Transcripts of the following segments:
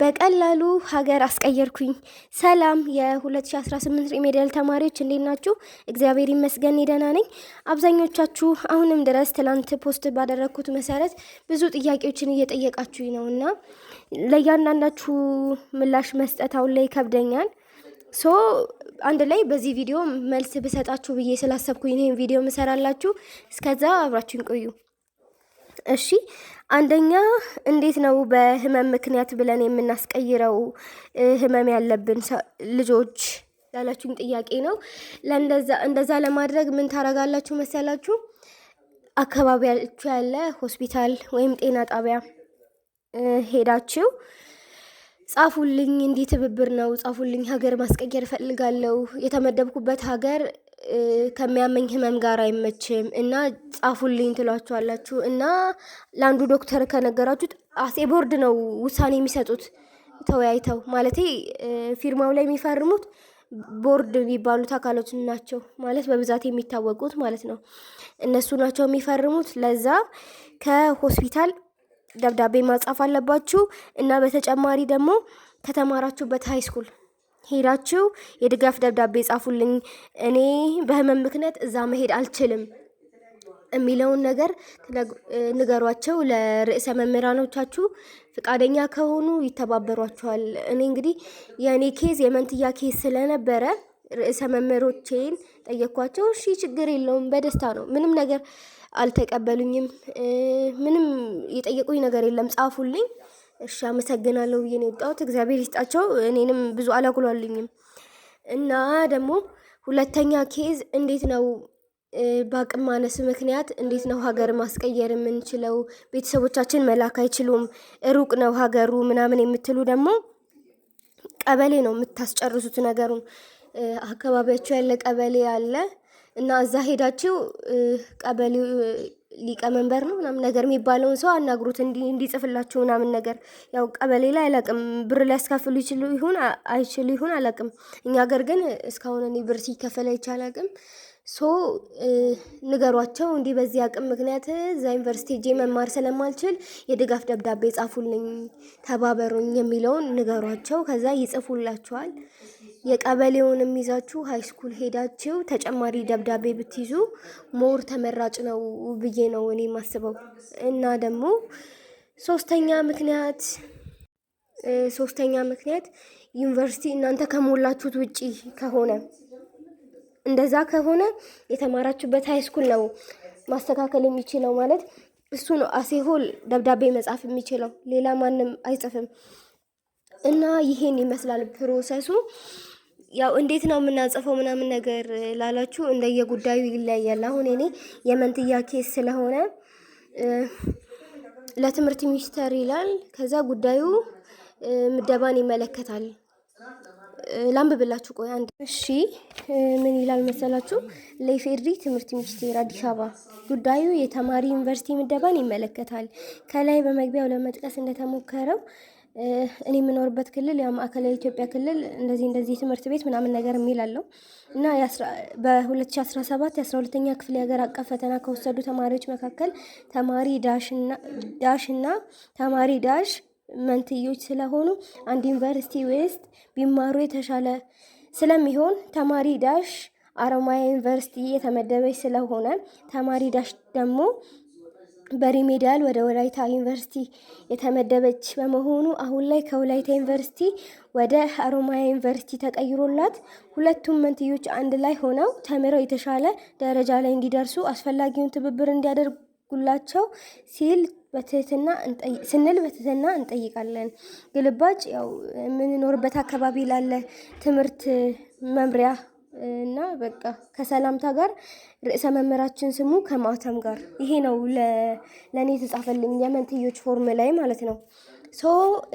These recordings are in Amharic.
በቀላሉ ሀገር አስቀየርኩኝ። ሰላም የ2018 ሪሜዲያል ተማሪዎች እንዴት ናችሁ? እግዚአብሔር ይመስገን ደህና ነኝ። አብዛኞቻችሁ አሁንም ድረስ ትላንት ፖስት ባደረግኩት መሰረት ብዙ ጥያቄዎችን እየጠየቃችሁኝ ነው እና ለእያንዳንዳችሁ ምላሽ መስጠት አሁን ላይ ይከብደኛል። ሶ አንድ ላይ በዚህ ቪዲዮ መልስ ብሰጣችሁ ብዬ ስላሰብኩኝ ይህን ቪዲዮ ምሰራላችሁ። እስከዛ አብራችሁን ቆዩ እሺ። አንደኛ እንዴት ነው በህመም ምክንያት ብለን የምናስቀይረው ህመም ያለብን ልጆች ያላችሁኝ ጥያቄ ነው። እንደዛ ለማድረግ ምን ታረጋላችሁ መሰላችሁ? አካባቢያችሁ ያለ ሆስፒታል ወይም ጤና ጣቢያ ሄዳችሁ ጻፉልኝ፣ እንዲህ ትብብር ነው ጻፉልኝ፣ ሀገር ማስቀየር እፈልጋለሁ፣ የተመደብኩበት ሀገር ከሚያመኝ ህመም ጋር አይመችም እና ጻፉልኝ ትሏችኋላችሁ እና ለአንዱ ዶክተር ከነገራችሁት አሴ ቦርድ ነው ውሳኔ የሚሰጡት ተወያይተው፣ ማለት ፊርማው ላይ የሚፈርሙት ቦርድ የሚባሉት አካሎች ናቸው ማለት በብዛት የሚታወቁት ማለት ነው። እነሱ ናቸው የሚፈርሙት። ለዛ ከሆስፒታል ደብዳቤ ማጻፍ አለባችሁ እና በተጨማሪ ደግሞ ከተማራችሁበት ሃይስኩል ሄዳችሁ የድጋፍ ደብዳቤ ጻፉልኝ፣ እኔ በህመም ምክንያት እዛ መሄድ አልችልም የሚለውን ነገር ንገሯቸው። ለርዕሰ መምህራኖቻችሁ ፈቃደኛ ከሆኑ ይተባበሯቸዋል። እኔ እንግዲህ የእኔ ኬዝ የመንትያ ኬዝ ስለነበረ ርዕሰ መምህሮቼን ጠየኳቸው። እሺ ችግር የለውም በደስታ ነው። ምንም ነገር አልተቀበሉኝም። ምንም የጠየቁኝ ነገር የለም። ጻፉልኝ እሺ አመሰግናለሁ ብዬ ነው የወጣሁት። እግዚአብሔር ይስጣቸው። እኔንም ብዙ አላጉሏልኝም እና ደግሞ ሁለተኛ ኬዝ እንዴት ነው በአቅም ማነስ ምክንያት እንዴት ነው ሀገር ማስቀየር የምንችለው? ቤተሰቦቻችን መላክ አይችሉም፣ ሩቅ ነው ሀገሩ ምናምን የምትሉ ደግሞ ቀበሌ ነው የምታስጨርሱት ነገሩ አካባቢያችሁ ያለ ቀበሌ አለ እና እዛ ሄዳችሁ ቀበሌ ሊቀመንበር ነው ምናምን ነገር የሚባለውን ሰው አናግሩት እንዲጽፍላችሁ ምናምን ነገር። ያው ቀበሌ ላይ አላቅም ብር ሊያስከፍሉ ይችሉ ይሁን አይችሉ ይሁን አላቅም። እኛ ሀገር ግን እስካሁን እኔ ብር ሲከፈል አይቼ አላቅም። ሶ ንገሯቸው እንዲህ በዚህ አቅም ምክንያት እዛ ዩኒቨርሲቲ ሄጄ መማር ስለማልችል የድጋፍ ደብዳቤ ጻፉልኝ፣ ተባበሩኝ የሚለውን ንገሯቸው። ከዛ ይጽፉላችኋል። የቀበሌውንም ይዛችሁ ሃይስኩል ሄዳችሁ ተጨማሪ ደብዳቤ ብትይዙ ሞር ተመራጭ ነው ብዬ ነው እኔ የማስበው። እና ደግሞ ሶስተኛ ምክንያት ሶስተኛ ምክንያት ዩኒቨርሲቲ እናንተ ከሞላችሁት ውጪ ከሆነ እንደዛ ከሆነ የተማራችሁበት ሃይስኩል ነው ማስተካከል የሚችለው ማለት እሱ ነው። አሴሆል ደብዳቤ መጻፍ የሚችለው ሌላ ማንም አይጽፍም። እና ይሄን ይመስላል ፕሮሰሱ። ያው እንዴት ነው የምናጽፈው ምናምን ነገር ላላችሁ እንደየጉዳዩ ይለያያል። አሁን እኔ የመንትያ ኬስ ስለሆነ ለትምህርት ሚኒስቴር ይላል። ከዛ ጉዳዩ ምደባን ይመለከታል። ላንብብላችሁ ቆይ አንድ እሺ፣ ምን ይላል መሰላችሁ? ለኢፌድሪ ትምህርት ሚኒስቴር አዲስ አበባ ጉዳዩ የተማሪ ዩኒቨርሲቲ ምደባን ይመለከታል። ከላይ በመግቢያው ለመጥቀስ እንደተሞከረው እኔ የምኖርበት ክልል ያው ማዕከላዊ ኢትዮጵያ ክልል እንደዚህ እንደዚህ ትምህርት ቤት ምናምን ነገር የሚል አለው እና በ2017 የ12ኛ ክፍል የሀገር አቀፍ ፈተና ከወሰዱ ተማሪዎች መካከል ተማሪ ዳሽ እና ተማሪ ዳሽ መንትዮች ስለሆኑ አንድ ዩኒቨርሲቲ ውስጥ ቢማሩ የተሻለ ስለሚሆን ተማሪ ዳሽ አረማያ ዩኒቨርሲቲ የተመደበች ስለሆነ ተማሪ ዳሽ ደግሞ በሪሜዲያል ወደ ወላይታ ዩኒቨርሲቲ የተመደበች በመሆኑ አሁን ላይ ከወላይታ ዩኒቨርሲቲ ወደ ሀሮማያ ዩኒቨርሲቲ ተቀይሮላት ሁለቱም መንትዮች አንድ ላይ ሆነው ተምረው የተሻለ ደረጃ ላይ እንዲደርሱ አስፈላጊውን ትብብር እንዲያደርጉላቸው ሲል በትህትና ስንል በትህትና እንጠይቃለን። ግልባጭ ያው የምንኖርበት አካባቢ ላለ ትምህርት መምሪያ እና በቃ ከሰላምታ ጋር ርዕሰ መምህራችን ስሙ ከማተም ጋር ይሄ ነው ለእኔ የተጻፈልኝ የመንትዮች ፎርም ላይ ማለት ነው። ሶ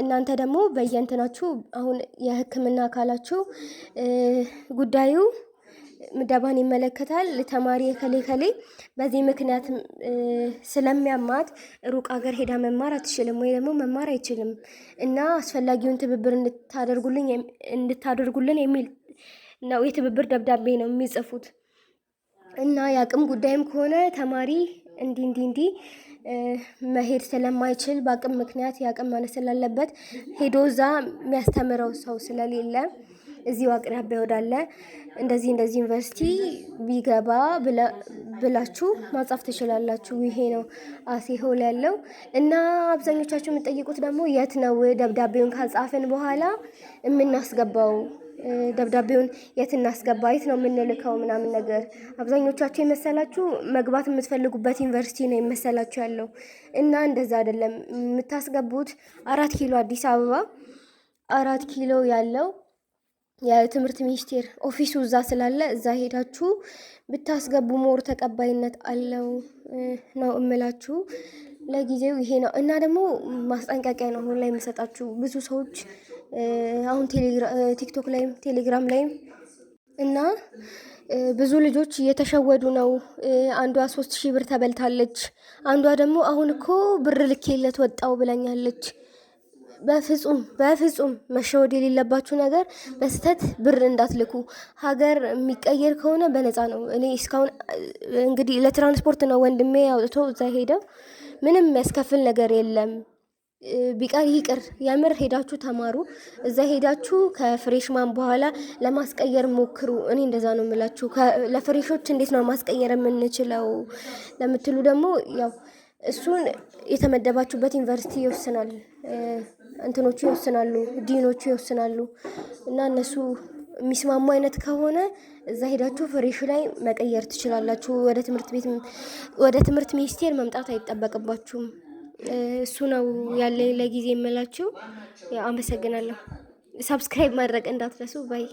እናንተ ደግሞ በየእንትናችሁ አሁን የሕክምና አካላችሁ ጉዳዩ ምደባን ይመለከታል። ተማሪ ከሌ ከሌ በዚህ ምክንያት ስለሚያማት ሩቅ ሀገር ሄዳ መማር አትችልም ወይ ደግሞ መማር አይችልም እና አስፈላጊውን ትብብር እንድታደርጉልን የሚል ነው የትብብር ደብዳቤ ነው የሚጽፉት እና የአቅም ጉዳይም ከሆነ ተማሪ እንዲ እንዲ እንዲ መሄድ ስለማይችል በአቅም ምክንያት የአቅም ማነት ስላለበት ሄዶ እዛ የሚያስተምረው ሰው ስለሌለ እዚሁ አቅራቢያ ወዳለ እንደዚህ እንደዚህ ዩኒቨርሲቲ ቢገባ ብላችሁ ማጻፍ ትችላላችሁ። ይሄ ነው አሴሆል ያለው እና አብዛኞቻችሁ የምትጠይቁት ደግሞ የት ነው ደብዳቤውን ካጻፍን በኋላ የምናስገባው ደብዳቤውን የት እናስገባ፣ የት ነው የምንልከው ምናምን ነገር አብዛኞቻቸው የመሰላችሁ መግባት የምትፈልጉበት ዩኒቨርሲቲ ነው የመሰላችሁ ያለው እና እንደዛ አይደለም። የምታስገቡት አራት ኪሎ አዲስ አበባ አራት ኪሎ ያለው የትምህርት ሚኒስቴር ኦፊሱ እዛ ስላለ እዛ ሄዳችሁ ብታስገቡ ሞር ተቀባይነት አለው ነው እምላችሁ። ለጊዜው ይሄ ነው እና ደግሞ ማስጠንቀቂያ ነው አሁን ላይ የምሰጣችሁ ብዙ ሰዎች አሁን ቲክቶክ ላይም ቴሌግራም ላይም እና ብዙ ልጆች እየተሸወዱ ነው። አንዷ ሶስት ሺህ ብር ተበልታለች። አንዷ ደግሞ አሁን እኮ ብር ልኬለት ወጣው ብላኛለች። በፍጹም በፍጹም መሸወድ የሌለባችሁ ነገር በስተት ብር እንዳትልኩ። ሀገር የሚቀየር ከሆነ በነፃ ነው። እኔ እስካሁን እንግዲህ ለትራንስፖርት ነው ወንድሜ አውጥቶ እዛ ሄደው ምንም ያስከፍል ነገር የለም። ቢቀር ይቅር። የምር ሄዳችሁ ተማሩ። እዛ ሄዳችሁ ከፍሬሽማን በኋላ ለማስቀየር ሞክሩ። እኔ እንደዛ ነው የምላችሁ። ለፍሬሾች እንዴት ነው ማስቀየር የምንችለው ለምትሉ ደግሞ ያው እሱን የተመደባችሁበት ዩኒቨርሲቲ ይወስናል፣ እንትኖቹ ይወስናሉ፣ ዲኖቹ ይወስናሉ እና እነሱ የሚስማሙ አይነት ከሆነ እዛ ሄዳችሁ ፍሬሽ ላይ መቀየር ትችላላችሁ። ወደ ትምህርት ቤት ወደ ትምህርት ሚኒስቴር መምጣት አይጠበቅባችሁም። እሱ ነው ያለኝ ለጊዜ የምላችሁ። አመሰግናለሁ። ሰብስክራይብ ማድረግ እንዳትረሱ ባይ